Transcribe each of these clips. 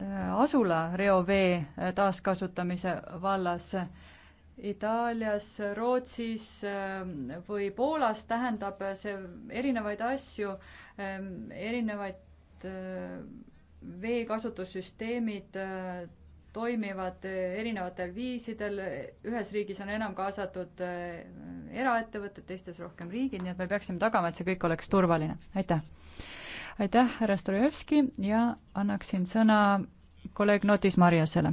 Äh, asula reovee äh, taaskasutamise vallas. Itaalias, Rootsis äh, või Poolas tähendab see erinevaid asju, ähm, erinevaid veekasutussüsteemid toimivad erinevatel viisidel, ühes riigis on enam kaasatud eraettevõtted, teistes rohkem riigid, nii et me peaksime tagama, et see kõik oleks turvaline. aitäh! aitäh, härra Strojevski ja annaksin sõna kolleeg Notis Marjasele.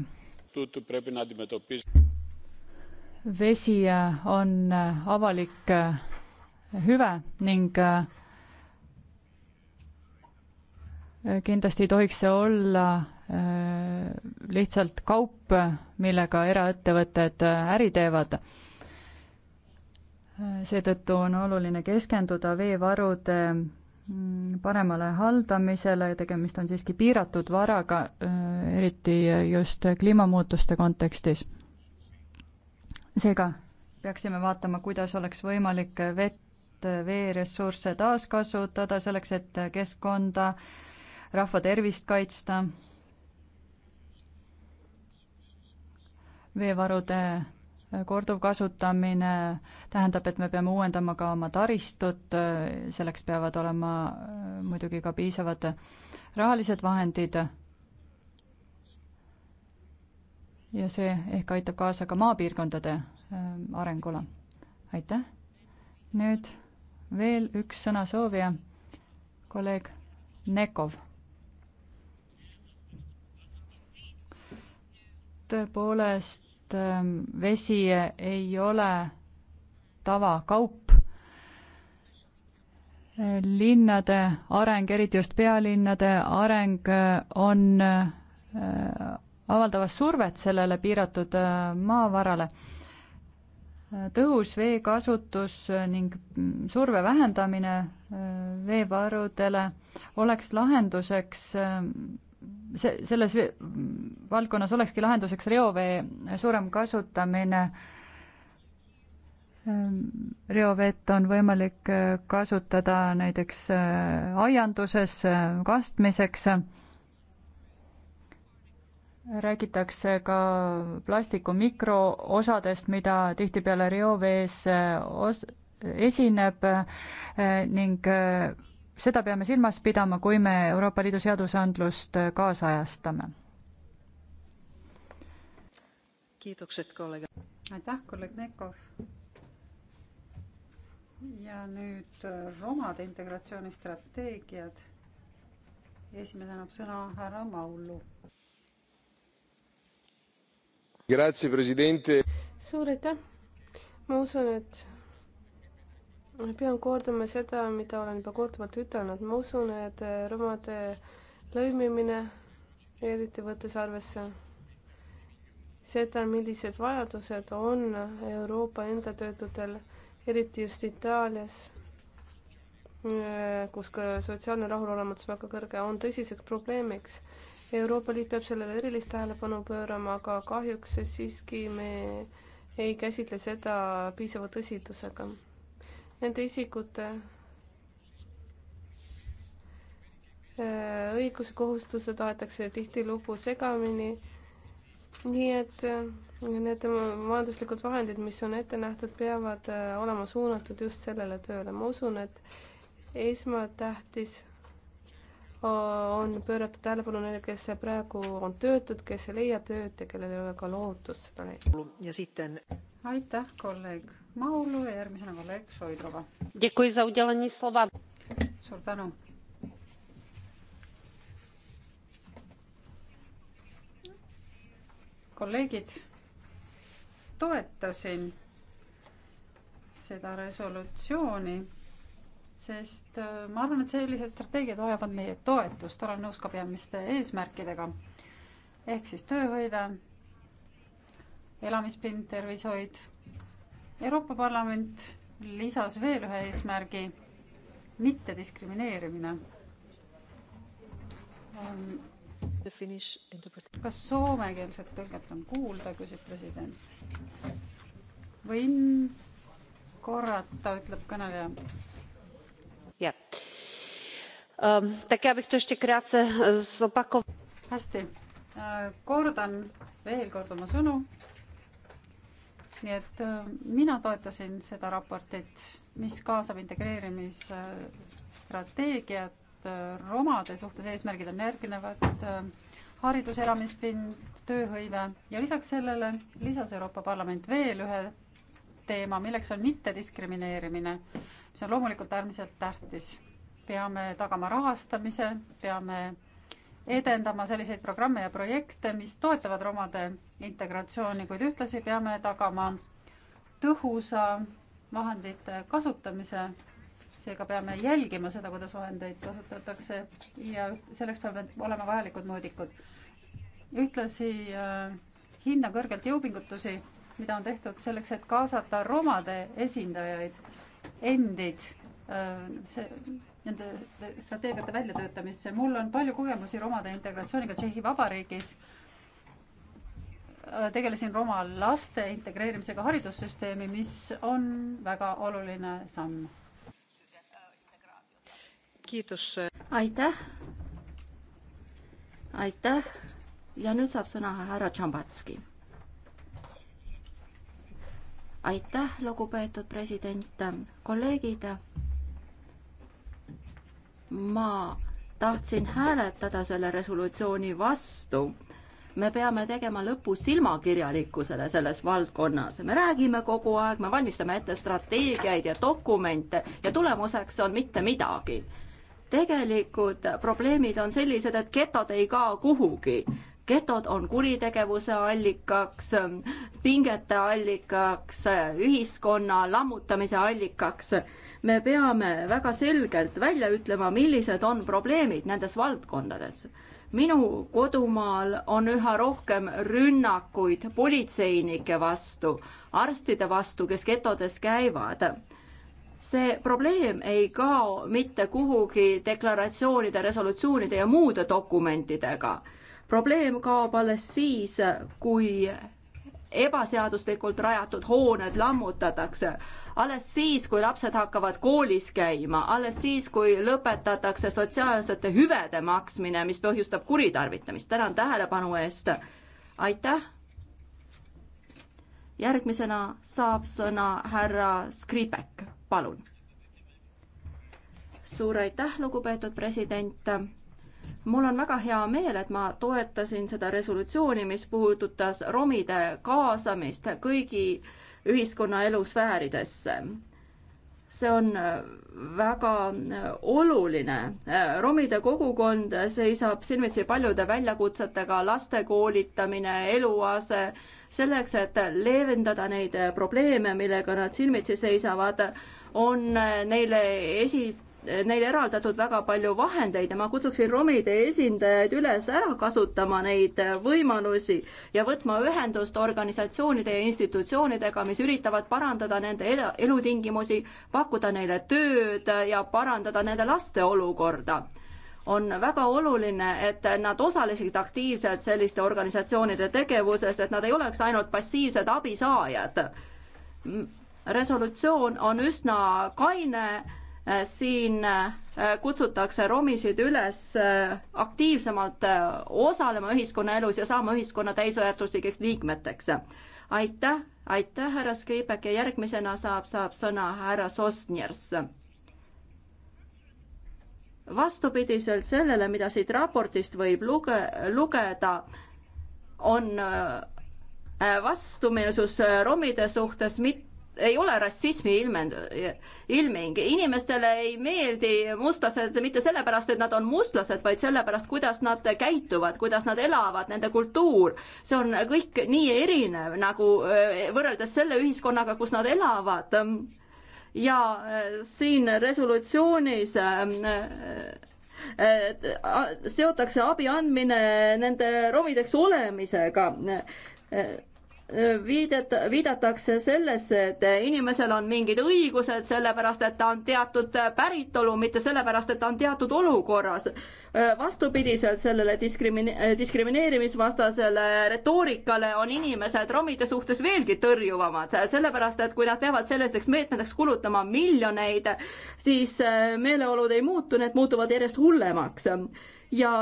vesi äh, on äh, avalik äh, hüve ning kindlasti ei tohiks see olla lihtsalt kaup, millega eraettevõtted äri teevad. seetõttu on oluline keskenduda veevarude Mm, paremale haldamisele, tegemist on siiski piiratud varaga, äh, eriti just kliimamuutuste kontekstis. seega peaksime vaatama, kuidas oleks võimalik vett, veeressursse taaskasutada selleks, et keskkonda, rahva tervist kaitsta, veevarude korduv kasutamine tähendab, et me peame uuendama ka oma taristut, selleks peavad olema äh, muidugi ka piisavad rahalised vahendid. ja see ehk aitab kaasa ka maapiirkondade äh, arengule. aitäh! nüüd veel üks sõnasoovija, kolleeg Nekov. tõepoolest et ähm, vesi ei ole tavakaup. linnade areng, eriti just pealinnade areng äh, on äh, avaldamas survet sellele piiratud äh, maavarale. tõhus veekasutus ning mm, surve vähendamine veevarudele oleks lahenduseks see, selles valdkonnas olekski lahenduseks reovee suurem kasutamine. reoveett on võimalik kasutada näiteks äh, aianduses äh, kastmiseks. räägitakse ka plastiku mikroosadest, mida tihtipeale reovees äh, os-, esineb ning seda peame silmas pidama, kui me Euroopa Liidu seadusandlust äh, kaasajastame. aitäh, kolleeg Nekov. ja nüüd äh, romade integratsioonistrateegiad. esimesena annab sõna härra Maullu. suur aitäh, ma usun, et pean kordama seda, mida olen juba korduvalt ütelnud, ma usun, et äh, romade lõimimine, eriti võttes arvesse seda, millised vajadused on Euroopa enda töötutel, eriti just Itaalias, äh, kus ka sotsiaalne rahulolematus väga kõrge, on tõsiseks probleemiks. Euroopa Liit peab sellele erilist tähelepanu pöörama, aga kahjuks siiski me ei käsitle seda piisava tõsidusega nende isikute äh, õiguse kohustused aetakse tihtilugu segamini. nii et äh, need majanduslikud vahendid, mis on ette nähtud, peavad äh, olema suunatud just sellele tööle. ma usun, et esmatähtis on pöörata tähelepanu neile, kes praegu on töötud, kes ei leia tööd ja kellel ei ole ka lootust seda leida. aitäh, kolleeg Maulu ja järgmisena kolleeg Šoidrova. suur tänu. kolleegid, toetasin seda resolutsiooni, sest äh, ma arvan, et sellised strateegiad vajavad meie toetust, olen nõus ka peamiste eesmärkidega. ehk siis tööhõive, elamispind, tervishoid Euroopa Parlament lisas veel ühe eesmärgi, mittediskrimineerimine. Ähm, kas soomekeelset tõlget on kuulda, küsib president. võin korrata, ütleb kõneleja. jah. Ähm, äh, hästi, äh, kordan veel kord oma sõnu nii et äh, mina toetasin seda raportit, mis kaasab integreerimisstrateegiat äh, romade suhtes, eesmärgid on järgnevad, äh, haridus, elamispind, tööhõive ja lisaks sellele lisas Euroopa Parlament veel ühe teema, milleks on mittediskrimineerimine, mis on loomulikult äärmiselt tähtis. peame tagama rahastamise, peame edendama selliseid programme ja projekte, mis toetavad romade integratsiooni, kuid ühtlasi peame tagama tõhusa vahendite kasutamise. seega peame jälgima seda, kuidas vahendeid kasutatakse ja selleks peavad olema vajalikud mõõdikud. ühtlasi äh, hindan kõrgelt jõupingutusi, mida on tehtud selleks, et kaasata romade esindajaid endid äh, see, nende strateegiate väljatöötamisse. mul on palju kogemusi romade integratsiooniga Tšehhi Vabariigis Äh, tegelesin Roma laste integreerimisega haridussüsteemi, mis on väga oluline samm. aitäh. aitäh ja nüüd saab sõna härra Tšambatski. aitäh, lugupeetud president, kolleegid. ma tahtsin hääletada selle resolutsiooni vastu me peame tegema lõpu silmakirjalikkusele selles valdkonnas. me räägime kogu aeg, me valmistame ette strateegiaid ja dokumente ja tulemuseks on mitte midagi. tegelikud probleemid on sellised, et getod ei kao kuhugi. getod on kuritegevuse allikaks, pingete allikaks, ühiskonna lammutamise allikaks. me peame väga selgelt välja ütlema, millised on probleemid nendes valdkondades minu kodumaal on üha rohkem rünnakuid politseinike vastu, arstide vastu, kes getodes käivad. see probleem ei kao mitte kuhugi deklaratsioonide, resolutsioonide ja muude dokumentidega. probleem kaob alles siis, kui ebaseaduslikult rajatud hooned lammutatakse. alles siis, kui lapsed hakkavad koolis käima, alles siis, kui lõpetatakse sotsiaalsete hüvede maksmine, mis põhjustab kuritarvitamist. tänan tähelepanu eest. aitäh. järgmisena saab sõna härra Skripek, palun. suur aitäh, lugupeetud president mul on väga hea meel, et ma toetasin seda resolutsiooni, mis puudutas romide kaasamist kõigi ühiskonnaelu sfääridesse. see on äh, väga äh, oluline. Äh, romide kogukond seisab silmitsi paljude väljakutsetega, laste koolitamine, eluase, selleks, et leevendada neid probleeme, millega nad silmitsi seisavad, on neile esi-, neile eraldatud väga palju vahendeid ja ma kutsuksin romide esindajaid üles ära kasutama neid võimalusi ja võtma ühendust organisatsioonide ja institutsioonidega, mis üritavad parandada nende elutingimusi, pakkuda neile tööd ja parandada nende laste olukorda on väga oluline, et nad osalesid aktiivselt selliste organisatsioonide tegevuses, et nad ei oleks ainult passiivsed abisaajad resolutsioon on üsna kaine Äh, siin äh, kutsutakse romisid üles äh, aktiivsemalt osalema ühiskonnaelus ja saama ühiskonna täisväärtuslikeks liikmeteks. aitäh, aitäh, härra Skripek ja järgmisena saab, saab sõna härra Sosnjers vastupidiselt sellele, mida siit raportist võib luge-, lugeda, on vastumeelsus romide suhtes mitte ei ole rassismi ilmend-, ilming. inimestele ei meeldi mustlased mitte sellepärast, et nad on mustlased, vaid sellepärast, kuidas nad käituvad, kuidas nad elavad, nende kultuur. see on kõik nii erinev nagu äh, võrreldes selle ühiskonnaga, kus nad elavad. ja äh, siin resolutsioonis äh, seotakse abi andmine nende romideks olemisega viidet-, viidatakse sellesse, et inimesel on mingid õigused, sellepärast et ta on teatud päritolu, mitte sellepärast, et ta on teatud olukorras. vastupidiselt sellele diskrimine-, diskrimineerimisvastasele retoorikale on inimesed romide suhtes veelgi tõrjuvamad, sellepärast et kui nad peavad sellisteks meetmeteks kulutama miljoneid, siis meeleolud ei muutu, need muutuvad järjest hullemaks ja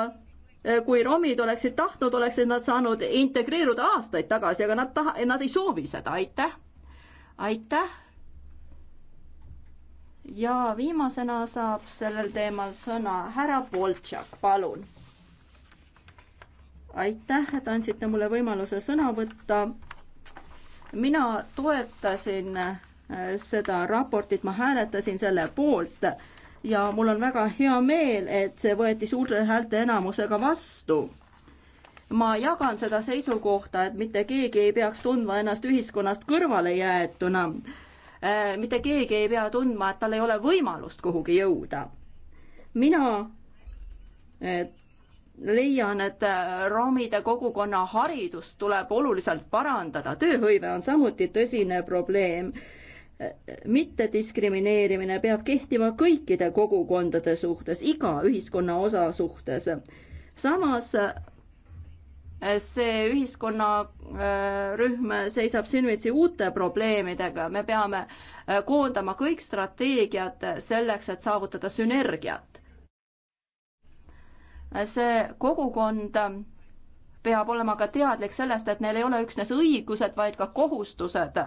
Eh, kui romid oleksid tahtnud, oleksid nad saanud integreeruda aastaid tagasi, aga nad taha, nad ei soovi seda, aitäh. aitäh. ja viimasena saab sellel teemal sõna härra Boltšak, palun. aitäh, et andsite mulle võimaluse sõna võtta. mina toetasin eh, seda raportit, ma hääletasin selle poolt ja mul on väga hea meel, et see võeti suure häälteenamusega vastu. ma jagan seda seisukohta, et mitte keegi ei peaks tundma ennast ühiskonnast kõrvalejäetuna. Äh, mitte keegi ei pea tundma, et tal ei ole võimalust kuhugi jõuda. mina äh, leian, et äh, romide kogukonna haridust tuleb oluliselt parandada, tööhõive on samuti tõsine probleem mittediskrimineerimine peab kehtima kõikide kogukondade suhtes, iga ühiskonna osa suhtes. samas äh, see ühiskonnarühm äh, seisab silmitsi uute probleemidega, me peame äh, koondama kõik strateegiad selleks, et saavutada sünergiat. see kogukond peab olema ka teadlik sellest, et neil ei ole üksnes õigused, vaid ka kohustused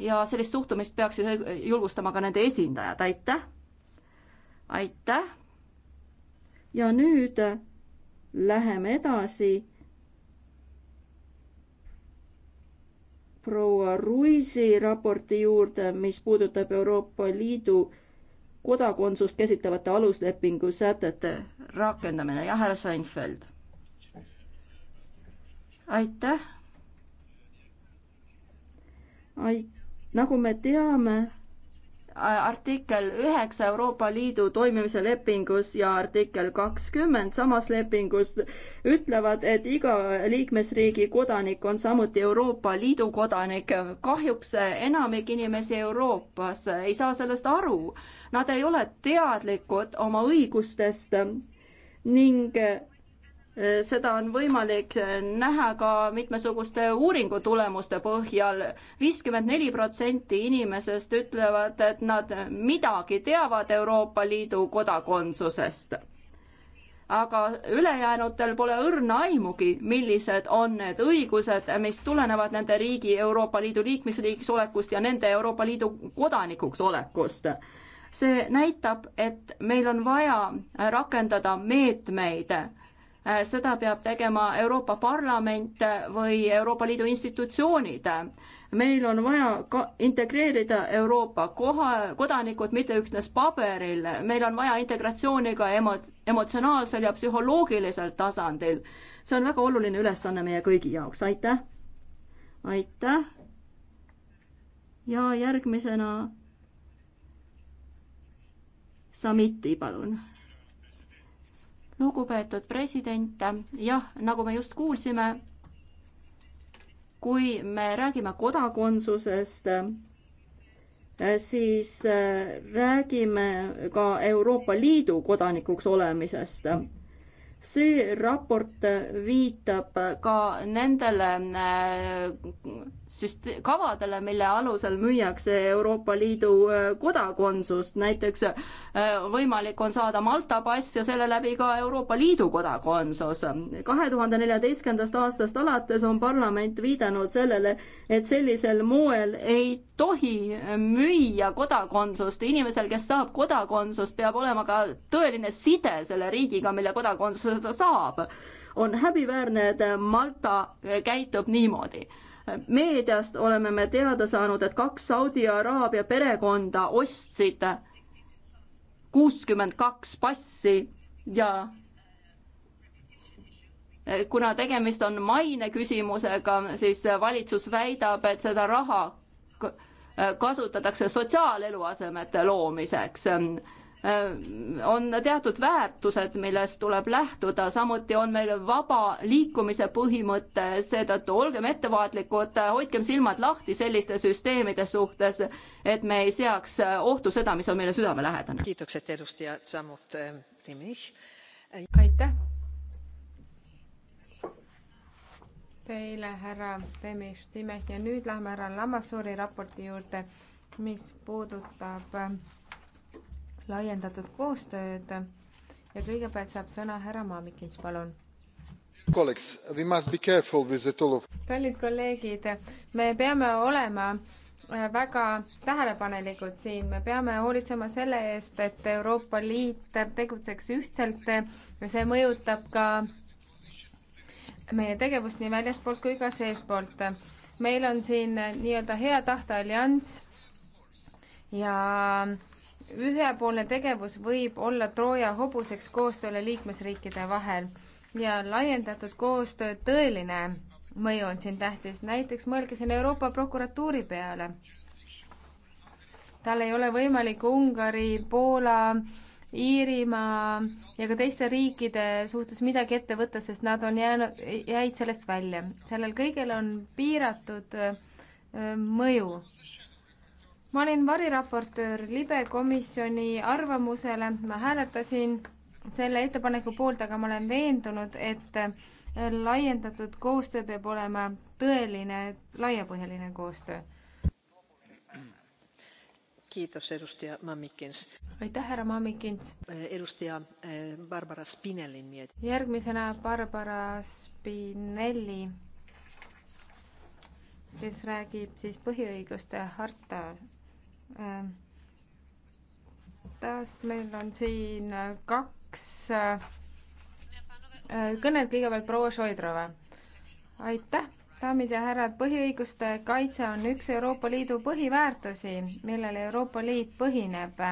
ja sellist suhtumist peaksid julgustama ka nende esindajad, aitäh! aitäh! ja nüüd läheme edasi proua Ruisi raporti juurde, mis puudutab Euroopa Liidu kodakondsust käsitlevate aluslepingu sätete rakendamine ja härra Seinfeld. aitäh. aitäh nagu me teame, artikkel üheksa Euroopa Liidu toimimise lepingus ja artikkel kakskümmend samas lepingus ütlevad, et iga liikmesriigi kodanik on samuti Euroopa Liidu kodanik. kahjuks enamik inimesi Euroopas ei saa sellest aru. Nad ei ole teadlikud oma õigustest ning seda on võimalik näha ka mitmesuguste uuringutulemuste põhjal. viiskümmend neli protsenti inimesest ütlevad, et nad midagi teavad Euroopa Liidu kodakondsusest. aga ülejäänutel pole õrna aimugi, millised on need õigused, mis tulenevad nende riigi Euroopa Liidu liikmesriigiks olekust ja nende Euroopa Liidu kodanikuks olekust see näitab, et meil on vaja rakendada meetmeid Äh, seda peab tegema Euroopa Parlament või Euroopa Liidu institutsioonid. meil on vaja ka integreerida Euroopa koha, kodanikud mitte üksnes paberil, meil on vaja integratsiooni ka emo-, emotsionaalsel ja psühholoogilisel tasandil. see on väga oluline ülesanne meie kõigi jaoks, aitäh! aitäh! ja järgmisena Samiti, palun lugupeetud president, jah, nagu me just kuulsime, kui me räägime kodakondsusest, siis äh, räägime ka Euroopa Liidu kodanikuks olemisest see raport viitab ka nendele äh, süst-, kavadele, mille alusel müüakse Euroopa Liidu äh, kodakondsust, näiteks äh, võimalik on saada Malta pass ja selle läbi ka Euroopa Liidu kodakondsus. kahe tuhande neljateistkümnendast aastast alates on parlament viidanud sellele, et sellisel moel ei tohi müüa kodakondsust, inimesel, kes saab kodakondsust, peab olema ka tõeline side selle riigiga, mille kodakondsus seda saab. on häbiväärne, et Malta käitub niimoodi meediast oleme me teada saanud, et kaks Saudi Araabia perekonda ostsid kuuskümmend kaks passi ja kuna tegemist on maine küsimusega, siis valitsus väidab, et seda raha kasutatakse sotsiaalelu asemete loomiseks on teatud väärtused, millest tuleb lähtuda, samuti on meil vaba liikumise põhimõte, seetõttu olgem ettevaatlikud, hoidkem silmad lahti selliste süsteemide suhtes, et me ei seaks ohtu seda, mis on meile südamelähedane. kiitokset edustajad, samuti eh, Timich. aitäh. Teile, härra Temis, Timech ja nüüd läheme härra Lamassuuri raporti juurde, mis puudutab eh, laiendatud koostööd ja kõigepealt saab sõna härra Maamikins, palun. kallid kolleegid, me peame olema äh, väga tähelepanelikud siin, me peame hoolitsema selle eest, et Euroopa Liit tegutseks ühtselt ja see mõjutab ka meie tegevust nii väljaspoolt kui ka seestpoolt. meil on siin nii-öelda hea tahte allianss ja ühepoolne tegevus võib olla Trooja hobuseks koostööle liikmesriikide vahel ja laiendatud koostöö tõeline mõju on siin tähtis. näiteks mõelge siin Euroopa prokuratuuri peale. tal ei ole võimalik Ungari, Poola, Iirimaa ja ka teiste riikide suhtes midagi ette võtta, sest nad on jäänud, jäid sellest välja. sellel kõigel on piiratud äh, mõju ma olin variraportöör libe komisjoni arvamusele, ma hääletasin selle ettepaneku poolt, aga ma olen veendunud, et laiendatud koostöö peab olema tõeline laiapõhjaline koostöö. Kiitos, edustaja Mammikins. aitäh, härra Mammikins. Eh, edustaja eh, Barbara Spinelli. järgmisena Barbara Spinelli, kes räägib siis põhiõiguste harta Äh, taas meil on siin äh, kaks äh, kõnet, kõigepealt proua Šoidrova. aitäh, daamid ja härrad, põhiõiguste kaitse on üks Euroopa Liidu põhiväärtusi, millele Euroopa Liit põhineb.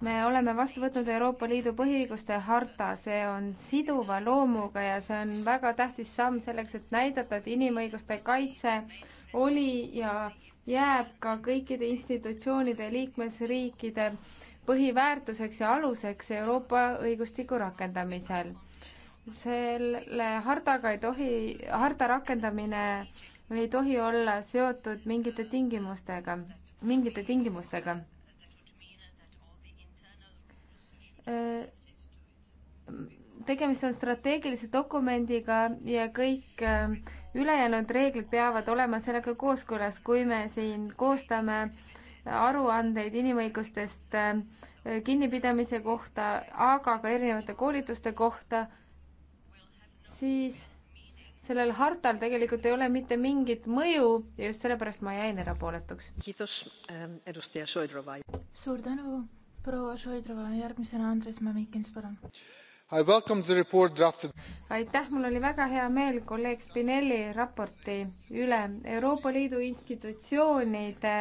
me oleme vastu võtnud Euroopa Liidu põhiõiguste harta, see on siduva loomuga ja see on väga tähtis samm selleks, et näidata, et inimõiguste kaitse oli ja jääb ka kõikide institutsioonide liikmesriikide põhiväärtuseks ja aluseks Euroopa õigustiku rakendamisel. selle hardaga ei tohi, harta rakendamine ei tohi olla seotud mingite tingimustega, mingite tingimustega. tegemist on strateegilise dokumendiga ja kõik äh, ülejäänud reeglid peavad olema sellega kooskõlas, kui me siin koostame aruandeid inimõigustest äh, kinnipidamise kohta, aga ka erinevate koolituste kohta, siis sellel hartal tegelikult ei ole mitte mingit mõju ja just sellepärast ma jäin erapooletuks. Ähm, suur tänu, proua Šoidrova, järgmisena Andres Mamikins, palun aitäh, mul oli väga hea meel kolleeg Spinelli raporti üle. Euroopa Liidu institutsioonide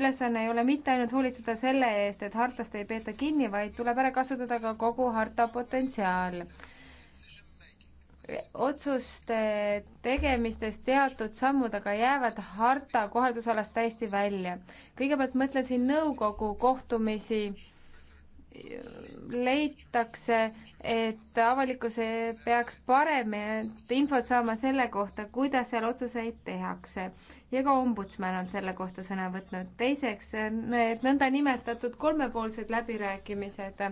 ülesanne ei ole mitte ainult hoolitseda selle eest, et hartast ei peeta kinni, vaid tuleb ära kasutada ka kogu harta potentsiaal. otsuste tegemistes teatud sammud aga jäävad harta kohaldusalast täiesti välja. kõigepealt mõtlen siin nõukogu kohtumisi leitakse, et avalikkus peaks paremat infot saama selle kohta, kuidas seal otsuseid tehakse. ja ka ombudsman on selle kohta sõna võtnud. teiseks, need nõndanimetatud kolmepoolsed läbirääkimised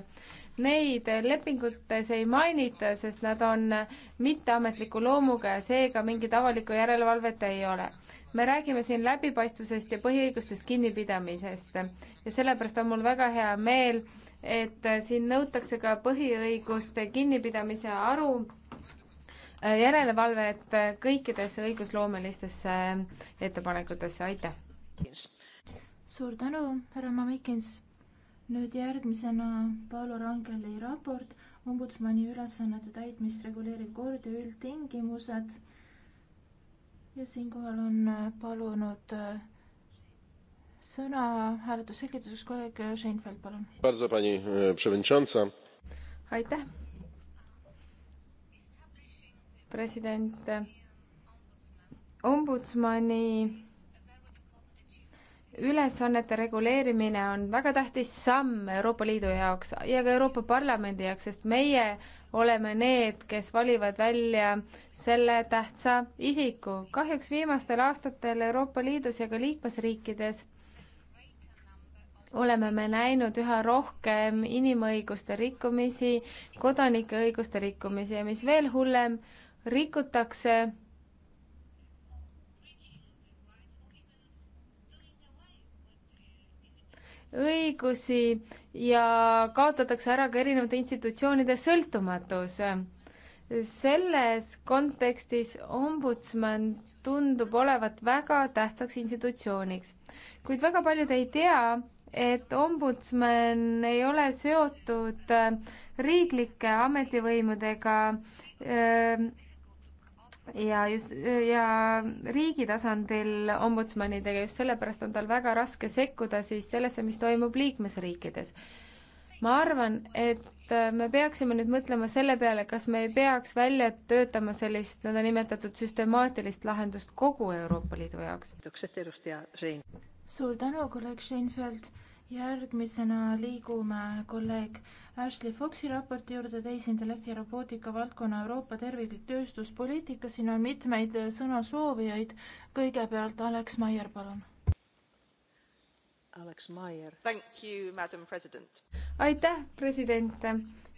Neid lepingutes ei mainita, sest nad on mitteametliku loomuga ja seega mingit avalikku järelevalvet ei ole. me räägime siin läbipaistvusest ja põhiõigustest kinnipidamisest ja sellepärast on mul väga hea meel, et siin nõutakse ka põhiõiguste kinnipidamise aru äh, järelevalvet kõikidesse õigusloomelistesse äh, ettepanekutesse, aitäh! suur tänu, härra Mamikins! nüüd järgmisena Paolo Rangeli raport ombudsmani ülesannete täitmist reguleeriv kord ja üldtingimused. ja siinkohal on äh, palunud äh, sõna hääletusselgituseks kolleeg äh, Scheinfeld, palun. E, aitäh. president, ombudsmani ülesannete reguleerimine on väga tähtis samm Euroopa Liidu jaoks ja ka Euroopa Parlamendi jaoks, sest meie oleme need, kes valivad välja selle tähtsa isiku. kahjuks viimastel aastatel Euroopa Liidus ja ka liikmesriikides oleme me näinud üha rohkem inimõiguste rikkumisi, kodanike õiguste rikkumisi ja mis veel hullem, rikutakse õigusi ja kaotatakse ära ka erinevate institutsioonide sõltumatus. selles kontekstis ombudsman tundub olevat väga tähtsaks institutsiooniks, kuid väga paljud ei tea, et ombudsman ei ole seotud äh, riiklike ametivõimudega öö, äh, ja just, ja riigi tasandil ombudsmanidega, just sellepärast on tal väga raske sekkuda siis sellesse, mis toimub liikmesriikides. ma arvan, et äh, me peaksime nüüd mõtlema selle peale, kas me ei peaks välja töötama sellist nõndanimetatud süstemaatilist lahendust kogu Euroopa Liidu jaoks. suur tänu, kolleeg Scheinfeld järgmisena liigume kolleeg Ashley Foxi raporti juurde tehisintellekti ja robootika valdkonna Euroopa terviklik tööstuspoliitika. siin on mitmeid sõnasoovijaid. kõigepealt Alex Maier, palun. Alex Maier. aitäh, president.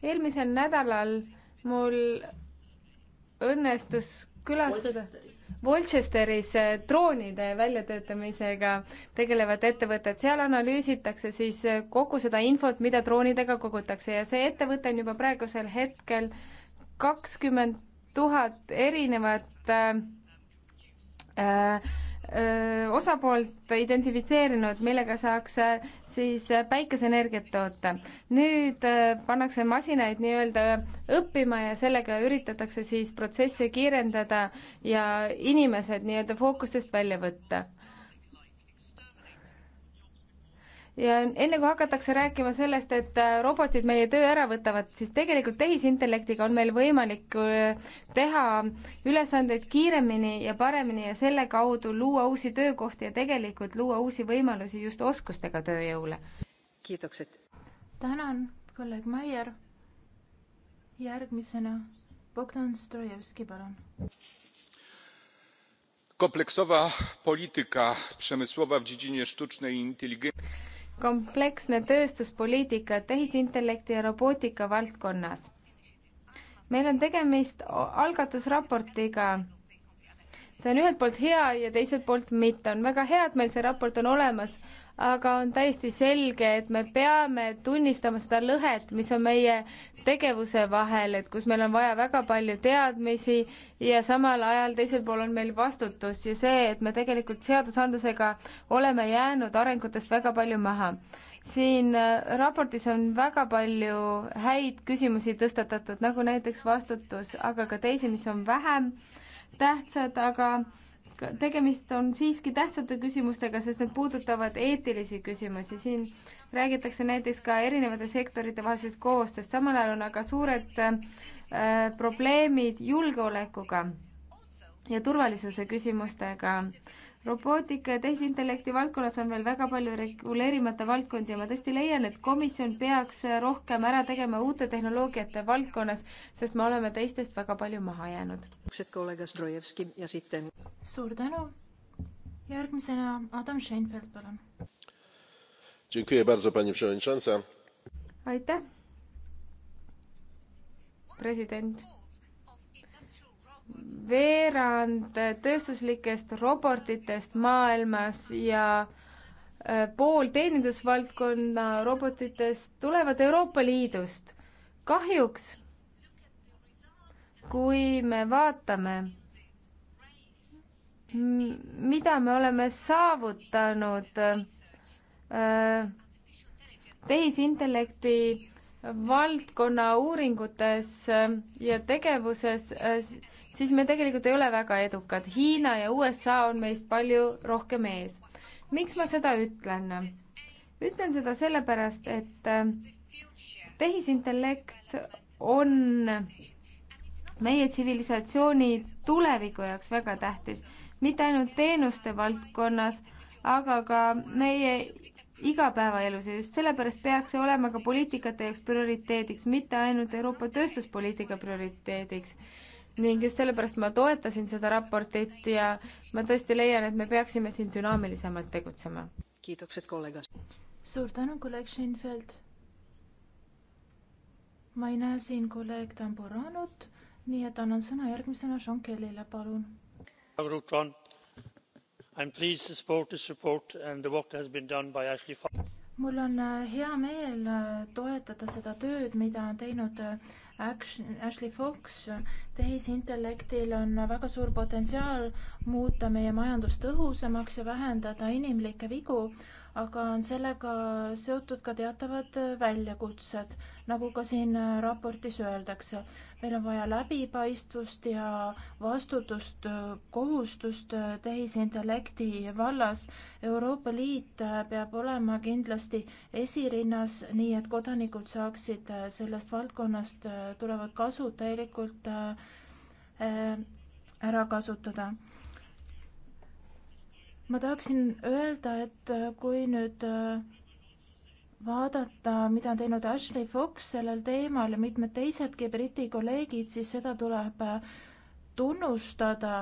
eelmisel nädalal mul õnnestus külastada Wolchesteris äh, droonide väljatöötamisega tegelevat ettevõtet, seal analüüsitakse siis äh, kogu seda infot, mida droonidega kogutakse ja see ettevõte on juba praegusel hetkel kakskümmend tuhat erinevat äh, äh, osapoolt identifitseerinud, millega saaks äh, siis äh, päikeseenergiat toota. nüüd äh, pannakse masinaid nii-öelda õppima ja sellega üritatakse siis protsesse kiirendada ja inimesed nii-öelda fookusest välja võtta ja enne kui hakatakse rääkima sellest, et äh, robotid meie töö ära võtavad, siis tegelikult tehisintellektiga on meil võimalik äh, teha ülesandeid kiiremini ja paremini ja selle kaudu luua uusi töökohti ja tegelikult luua uusi võimalusi just oskustega tööjõule. kiitokset. tänan, kolleeg Maier. järgmisena Bogdan Strojevski, palun. kompleksowa polityka przemysłowa w dziedzinie sztucznej inteligencji kompleksne tööstuspoliitika tehisintellekti ja robootika valdkonnas. meil on tegemist algatusraportiga. see on ühelt poolt hea ja teiselt poolt mitte. on väga hea, et meil see raport on olemas, aga on täiesti selge, et me peame tunnistama seda lõhet, mis on meie tegevuse vahel, et kus meil on vaja väga palju teadmisi ja samal ajal teisel pool on meil vastutus ja see, et me tegelikult seadusandlusega oleme jäänud arengutest väga palju maha. siin äh, raportis on väga palju häid küsimusi tõstatatud, nagu näiteks vastutus, aga ka teisi, mis on vähem tähtsad, aga tegemist on siiski tähtsate küsimustega, sest need puudutavad eetilisi küsimusi. siin räägitakse näiteks ka erinevate sektorite vahelisest koostööst, samal ajal on aga suured äh, probleemid julgeolekuga ja turvalisuse küsimustega robootika ja tehisintellekti valdkonnas on veel väga palju reguleerimata valdkondi ja ma tõesti leian, et komisjon peaks rohkem ära tegema uute tehnoloogiate valdkonnas, sest me oleme teistest väga palju maha jäänud. suur tänu. järgmisena Adam Scheinfeld, palun. aitäh, president veerand tööstuslikest robotitest maailmas ja äh, pool teenindusvaldkonna robotitest tulevad Euroopa Liidust. kahjuks, kui me vaatame, mida me oleme saavutanud äh, tehisintellekti valdkonna uuringutes äh, ja tegevuses, äh, siis me tegelikult ei ole väga edukad. Hiina ja USA on meist palju rohkem ees. miks ma seda ütlen? ütlen seda sellepärast, et äh, tehisintellekt on meie tsivilisatsiooni tuleviku jaoks väga tähtis, mitte ainult teenuste valdkonnas, aga ka meie igapäevaelus ja just sellepärast peaks see olema ka poliitikate jaoks prioriteediks, mitte ainult Euroopa tööstuspoliitika prioriteediks. ning just sellepärast ma toetasin seda raportit ja ma tõesti leian, et me peaksime siin dünaamilisemalt tegutsema. kiitukset kolleega. suur tänu, kolleeg Scheinfeld. ma ei näe siin kolleeg Tamburanut, nii et annan sõna järgmisena Sean Kellyle, palun i am pleased to support this report and the work that has been done by ashley fox. mul on äh, hea meel äh, toetada seda tööd, mida on teinud äh, Ashley Fox. tehisintellektil on väga suur potentsiaal muuta meie majandus tõhusamaks ja vähendada inimlikke vigu aga on sellega seotud ka teatavad väljakutsed, nagu ka siin raportis öeldakse. meil on vaja läbipaistvust ja vastutust, kohustust tehisintellekti vallas. Euroopa Liit peab olema kindlasti esirinnas, nii et kodanikud saaksid sellest valdkonnast tulevat kasu täielikult äh, ära kasutada ma tahaksin öelda, et äh, kui nüüd äh, vaadata, mida on teinud Ashley Fox sellel teemal ja mitmed teisedki Briti kolleegid, siis seda tuleb äh, tunnustada.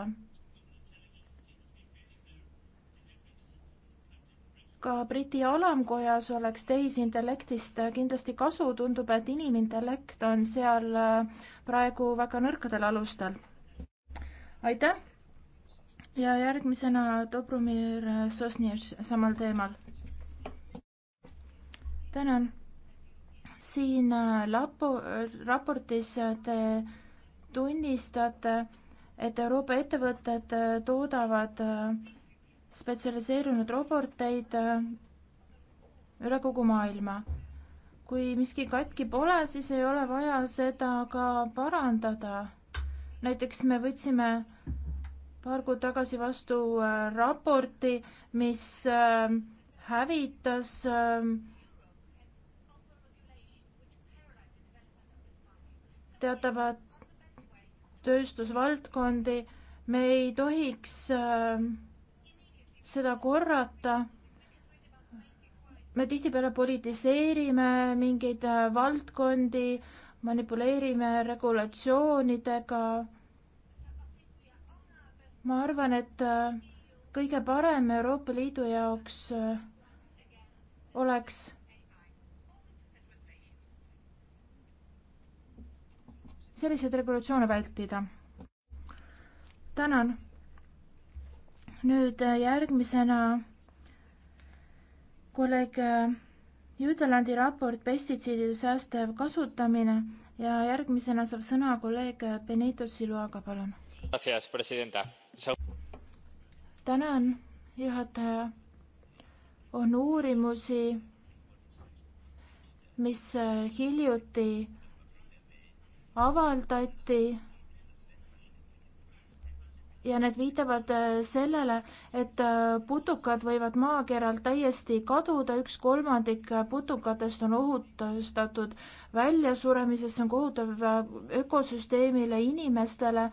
ka Briti alamkojas oleks tehisintellektist kindlasti kasu, tundub, et inimintellekt on seal praegu väga nõrkadel alustel. aitäh ja järgmisena Dobromir Sosnjev samal teemal. tänan. siin äh, lapo-, raportis äh, te tunnistate, et Euroopa ettevõtted äh, toodavad spetsialiseerunud roboteid üle kogu maailma. kui miski katki pole, siis ei ole vaja seda ka parandada. näiteks me võtsime paar kuud tagasi vastu äh, raporti, mis äh, hävitas ähm, teatavad tööstusvaldkondi. me ei tohiks ähm, seda korrata. me tihtipeale politiseerime mingeid äh, valdkondi, manipuleerime regulatsioonidega ma arvan, et äh, kõige parem Euroopa Liidu jaoks äh, oleks selliseid regulatsioone vältida. tänan. nüüd äh, järgmisena kolleeg Jütelandi raport pestitsiidide säästev kasutamine ja järgmisena saab sõna kolleeg Benito Siluaga, palun tänan, juhataja. on uurimusi, mis äh, hiljuti avaldati ja need viitavad äh, sellele, et äh, putukad võivad maakeral täiesti kaduda, üks kolmandik putukatest on ohustatud väljasuremisest, see on kohutav ökosüsteemile, inimestele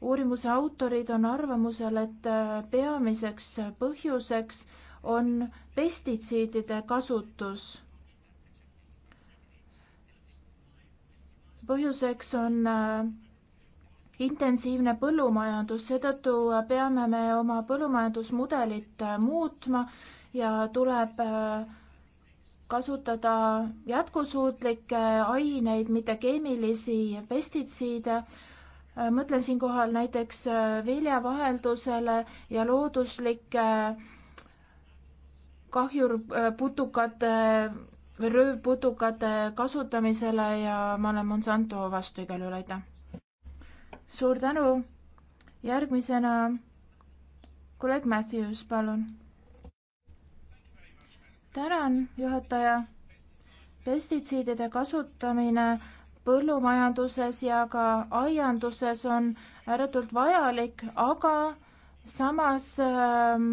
uurimuse autorid on arvamusel, et äh, peamiseks põhjuseks on pestitsiidide kasutus. põhjuseks on äh, intensiivne põllumajandus, seetõttu äh, peame me oma põllumajandusmudelit muutma ja tuleb kasutada jätkusuutlikke aineid, mitte keemilisi pestitsiide mõtlen siinkohal näiteks äh, viljavaheldusele ja looduslike äh, kahjurputukate äh, või röövputukate kasutamisele ja ma olen Monsanto vastu igal juhul, aitäh. suur tänu. järgmisena kolleeg Matthews, palun. tänan, juhataja. pestitsiidide kasutamine põllumajanduses ja ka aianduses on ääretult vajalik, aga samas ähm,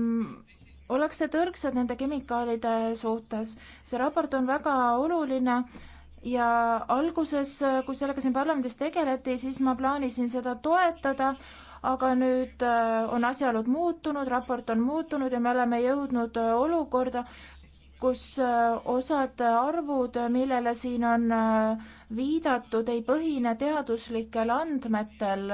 ollakse tõrksad nende kemikaalide suhtes. see raport on väga oluline ja alguses, kui sellega siin parlamendis tegeleti, siis ma plaanisin seda toetada, aga nüüd äh, on asjaolud muutunud, raport on muutunud ja me oleme jõudnud äh, olukorda, kus äh, osad arvud, millele siin on äh, viidatud, ei põhine teaduslikel andmetel.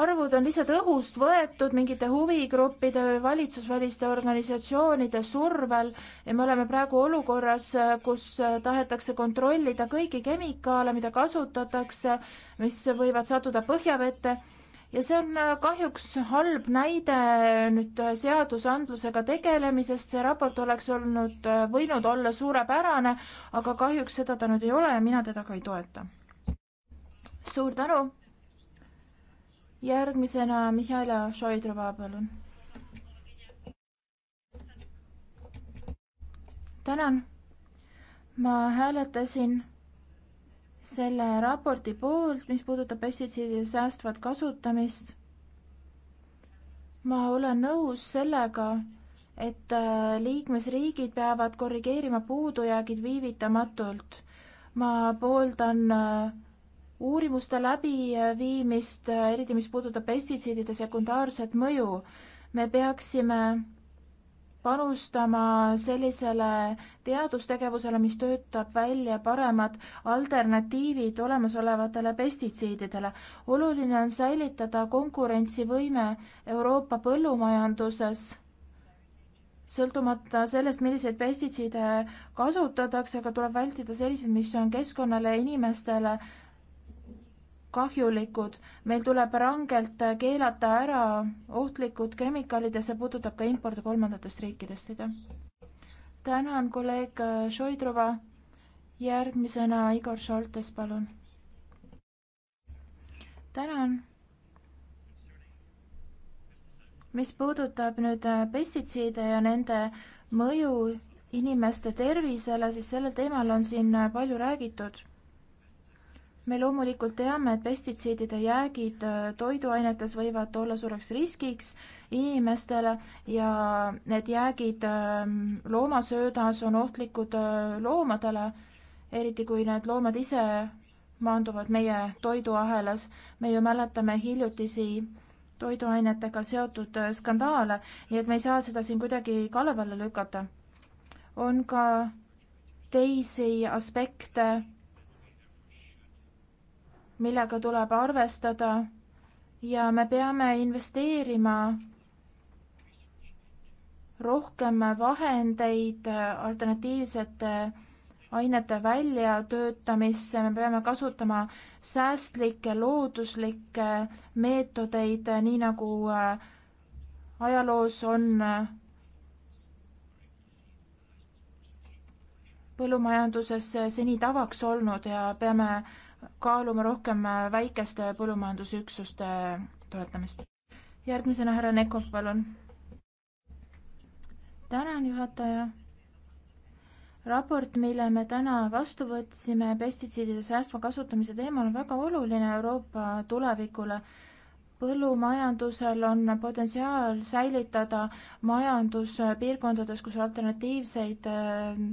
arvud on lihtsalt õhust võetud mingite huvigruppide või valitsusväliste organisatsioonide survel ja me oleme praegu olukorras, kus tahetakse kontrollida kõiki kemikaale, mida kasutatakse, mis võivad sattuda põhjavette ja see on äh, kahjuks halb näide äh, nüüd äh, seadusandlusega tegelemisest, see raport oleks olnud, võinud olla suurepärane, aga kahjuks seda ta nüüd ei ole ja mina teda ka ei toeta. suur tänu. järgmisena Mihhaila Šoidrova, palun. tänan. ma hääletasin selle raporti poolt, mis puudutab pestitsiidide säästvat kasutamist. ma olen nõus sellega, et äh, liikmesriigid peavad korrigeerima puudujäägid viivitamatult. ma pooldan äh, uurimuste läbiviimist, äh, eriti mis puudutab pestitsiidide sekundaarset mõju. me peaksime panustama sellisele teadustegevusele, mis töötab välja paremad alternatiivid olemasolevatele pestitsiididele. oluline on säilitada konkurentsivõime Euroopa põllumajanduses, sõltumata sellest, milliseid pestitsiide kasutatakse, aga tuleb vältida selliseid, mis on keskkonnale ja inimestele kahjulikud. meil tuleb rangelt keelata ära ohtlikud kemikaalid ja see puudutab ka impordi kolmandatest riikidest, aitäh. tänan, kolleeg Šoidrova. järgmisena Igor Šoltes, palun. tänan. mis puudutab nüüd pestitsiide ja nende mõju inimeste tervisele, siis sellel teemal on siin palju räägitud me loomulikult teame, et pestitsiidide jäägid äh, toiduainetes võivad olla suureks riskiks inimestele ja need jäägid ähm, loomasöödas on ohtlikud äh, loomadele, eriti kui need loomad ise maanduvad meie toiduahelas. me ju mäletame hiljutisi toiduainetega seotud äh, skandaale, nii et me ei saa seda siin kuidagi kalev alla lükata. on ka teisi aspekte millega tuleb arvestada ja me peame investeerima rohkem vahendeid alternatiivsete ainete väljatöötamisse, me peame kasutama säästlikke looduslikke meetodeid, nii nagu äh, ajaloos on äh, põllumajanduses äh, seni tavaks olnud ja peame kaaluma rohkem äh, väikeste põllumajandusüksuste toetamist. järgmisena härra Nekov, palun. tänan, juhataja. raport, mille me täna vastu võtsime pestitsiidide säästva kasutamise teemal, on väga oluline Euroopa tulevikule põllumajandusel on potentsiaal säilitada majandus piirkondades, kus alternatiivseid äh,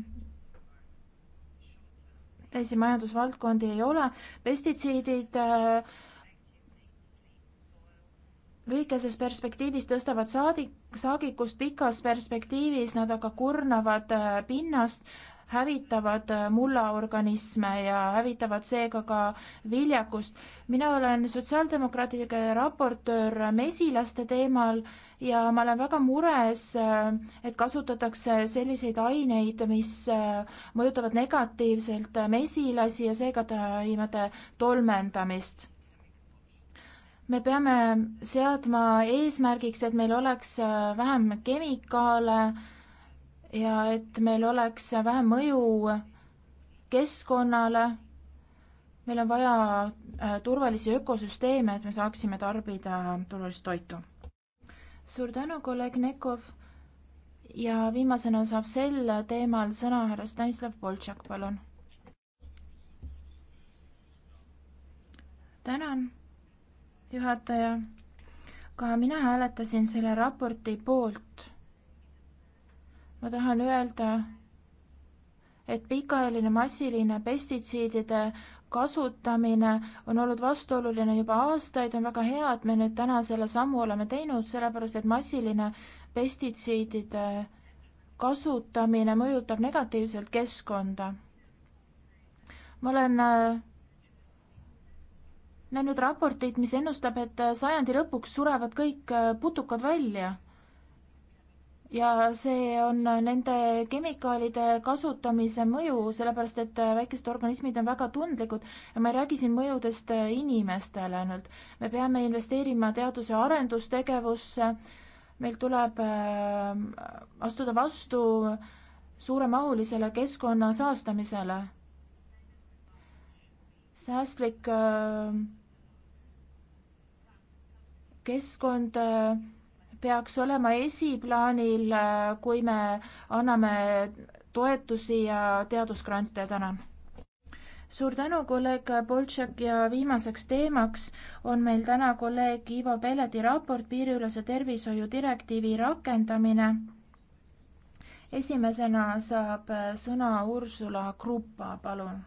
teisi majandusvaldkondi ei ole, pestitsiidid äh, lühikeses perspektiivis tõstavad saadik, saagikust, pikas perspektiivis nad aga kurnavad äh, pinnast, hävitavad äh, mullaorganisme ja hävitavad seega ka viljakust. mina olen sotsiaaldemokraatide raportöör mesilaste teemal ja ma olen väga mures, et kasutatakse selliseid aineid, mis äh, mõjutavad negatiivselt äh, mesilasi ja seega taimede tolmendamist me peame seadma eesmärgiks, et meil oleks äh, vähem kemikaale ja et meil oleks vähem mõju keskkonnale. meil on vaja turvalisi ökosüsteeme, et me saaksime tarbida turvalist toitu suur tänu, kolleeg Nekov. ja viimasena saab sel teemal sõna härra Stanislav Boltšak, palun. tänan, juhataja. ka mina hääletasin selle raporti poolt. ma tahan öelda, et pikaajaline massiline pestitsiidide kasutamine on olnud vastuoluline juba aastaid, on väga hea, et me nüüd täna selle sammu oleme teinud, sellepärast et massiline pestitsiidide kasutamine mõjutab negatiivselt keskkonda. ma olen äh, näinud raporteid, mis ennustab, et sajandi lõpuks surevad kõik äh, putukad välja ja see on nende kemikaalide kasutamise mõju, sellepärast et väikesed organismid on väga tundlikud ja ma ei räägi siin mõjudest inimestele ainult. me peame investeerima teadus- ja arendustegevusse, meil tuleb äh, astuda vastu suuremahulisele keskkonna saastamisele. säästlik äh, keskkond äh, peaks olema esiplaanil, kui me anname toetusi ja teadusgrante, tänan. suur tänu, kolleeg Boltšak ja viimaseks teemaks on meil täna kolleeg Ivo Pelleti raport piiriülese tervishoiu direktiivi rakendamine. esimesena saab sõna Ursula Krupa, palun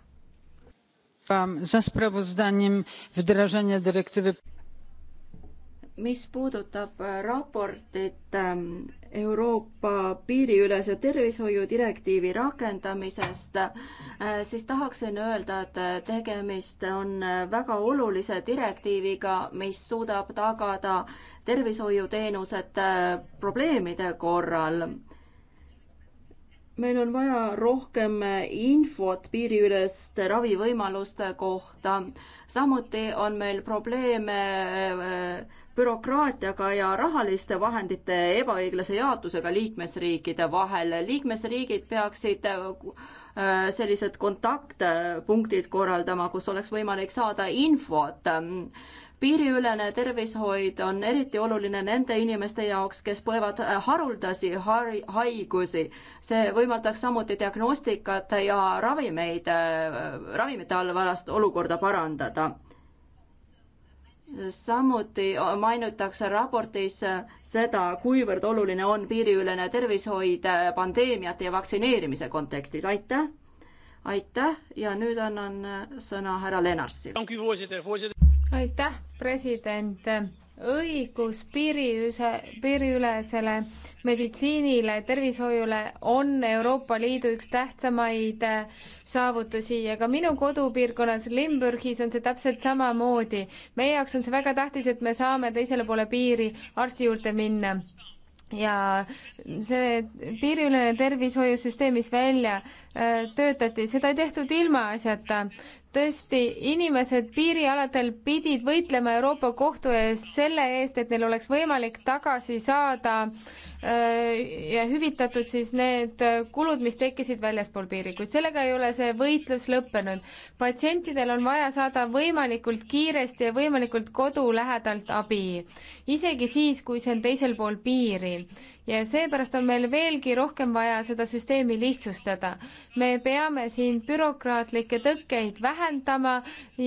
mis puudutab äh, raportit ähm, Euroopa piiriülese tervishoiu direktiivi rakendamisest, äh, siis tahaksin öelda, et äh, tegemist on väga olulise direktiiviga, mis suudab tagada tervishoiuteenused probleemide korral. meil on vaja rohkem infot piiriüleste ravivõimaluste kohta, samuti on meil probleeme bürokraatiaga ja rahaliste vahendite ebaõiglase jaotusega liikmesriikide vahel. liikmesriigid peaksid äh, sellised kontaktpunktid korraldama, kus oleks võimalik saada infot piiriülene tervishoid on eriti oluline nende inimeste jaoks, kes põevad äh, haruldasi haigusi. see võimaldaks samuti diagnostikat ja ravimeid, äh, ravimite allvalast olukorda parandada samuti mainitakse raportis seda, kuivõrd oluline on piiriülene tervishoid äh, pandeemiate ja vaktsineerimise kontekstis, aitäh. aitäh ja nüüd annan äh, sõna härra Lenarsile. aitäh, president õigus piiriüse, piiriülesele meditsiinile, tervishoiule on Euroopa Liidu üks tähtsamaid äh, saavutusi ja ka minu kodupiirkonnas Limburgis on see täpselt samamoodi. meie jaoks on see väga tähtis, et me saame teisele poole piiri arsti juurde minna ja see piiriülene tervishoiusüsteem, mis välja äh, töötati, seda ei tehtud ilmaasjata tõesti, inimesed piirialadel pidid võitlema Euroopa Kohtu ees selle eest, et neil oleks võimalik tagasi saada äh, ja hüvitatud siis need kulud, mis tekkisid väljaspool piiri, kuid sellega ei ole see võitlus lõppenud. patsientidel on vaja saada võimalikult kiiresti ja võimalikult kodu lähedalt abi, isegi siis, kui see on teisel pool piiri ja seepärast on meil veelgi rohkem vaja seda süsteemi lihtsustada. me peame siin bürokraatlikke tõkkeid vähendama, vähendama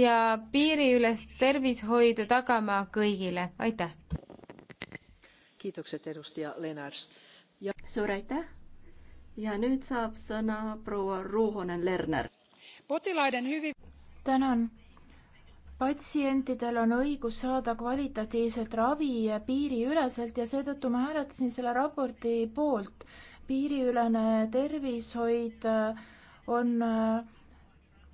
ja piiriülest tervishoidu tagama kõigile, aitäh! kiitokset, edustaja Lennarts ja.... suur aitäh ja nüüd saab sõna proua Ruuhonen-Lerner. potilaiden hüvi-. tänan patsientidel on õigus saada kvalitatiivset ravi piiriüleselt ja seetõttu ma hääletasin selle raporti poolt. piiriülene tervishoid äh, on äh,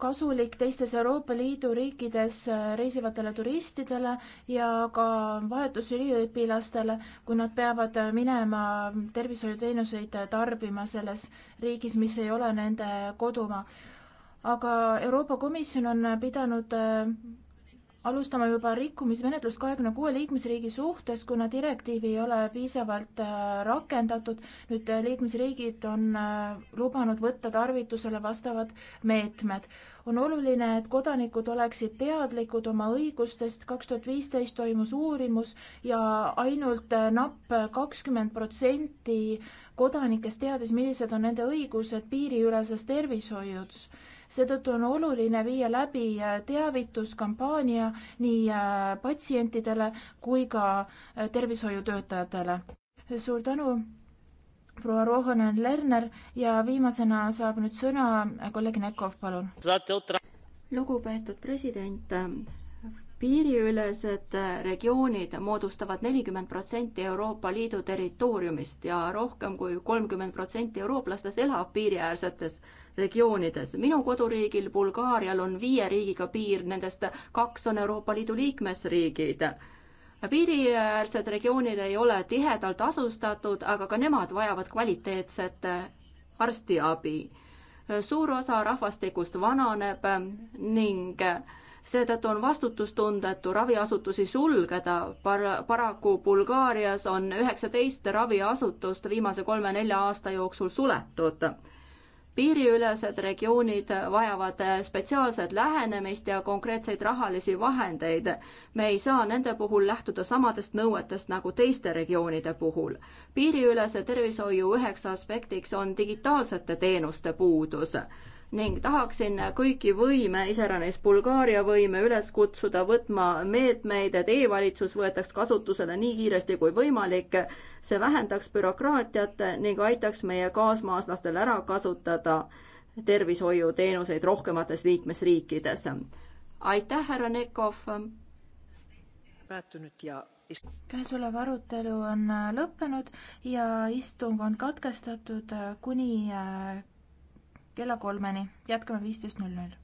kasulik teistes Euroopa Liidu riikides äh, reisivatele turistidele ja ka vahetusüliõpilastele, kui nad peavad äh, minema tervishoiuteenuseid äh, tarbima selles riigis, mis ei ole nende kodumaa. aga Euroopa Komisjon on pidanud alustame juba rikkumismenetlust kahekümne kuue liikmesriigi suhtes, kuna direktiivi ei ole piisavalt äh, rakendatud. nüüd äh, liikmesriigid on äh, lubanud võtta tarvitusele vastavad meetmed. on oluline, et kodanikud oleksid teadlikud oma õigustest. kaks tuhat viisteist toimus uurimus ja ainult napp kakskümmend protsenti kodanikest teadis, millised on nende õigused piiriüleses tervishoius seetõttu on oluline viia läbi äh, teavituskampaania nii äh, patsientidele kui ka äh, tervishoiutöötajatele. suur tänu, proua Rohonen Lerner ja viimasena saab nüüd sõna kolleeg Nekov, palun. lugupeetud president piiriülesed äh, regioonid moodustavad nelikümmend protsenti Euroopa Liidu territooriumist ja rohkem kui kolmkümmend protsenti eurooplastest elab piiriäärsetes regioonides. minu koduriigil Bulgaarial on viie riigiga piir, nendest kaks on Euroopa Liidu liikmesriigid. piiriäärsed regioonid ei ole tihedalt asustatud, aga ka nemad vajavad kvaliteetset äh, arstiabi. suur osa rahvastikust vananeb ning äh, seetõttu on vastutustundetu raviasutusi sulgeda Par. paraku Bulgaarias on üheksateist raviasutust viimase kolme-nelja aasta jooksul suletud. piiriülesed regioonid vajavad spetsiaalset lähenemist ja konkreetseid rahalisi vahendeid. me ei saa nende puhul lähtuda samadest nõuetest nagu teiste regioonide puhul. piiriülese tervishoiu üheks aspektiks on digitaalsete teenuste puudus ning tahaksin kõiki võime, iseäranis Bulgaaria võime üles kutsuda võtma meetmeid, et e-valitsus võetaks kasutusele nii kiiresti kui võimalik. see vähendaks bürokraatiat ning aitaks meie kaasmaaslastel ära kasutada tervishoiuteenuseid rohkemates liikmesriikides. aitäh, härra Nekov. päätunud ja käesolev arutelu on lõppenud ja istung on katkestatud kuni kella kolmeni, jätkame viisteist null null.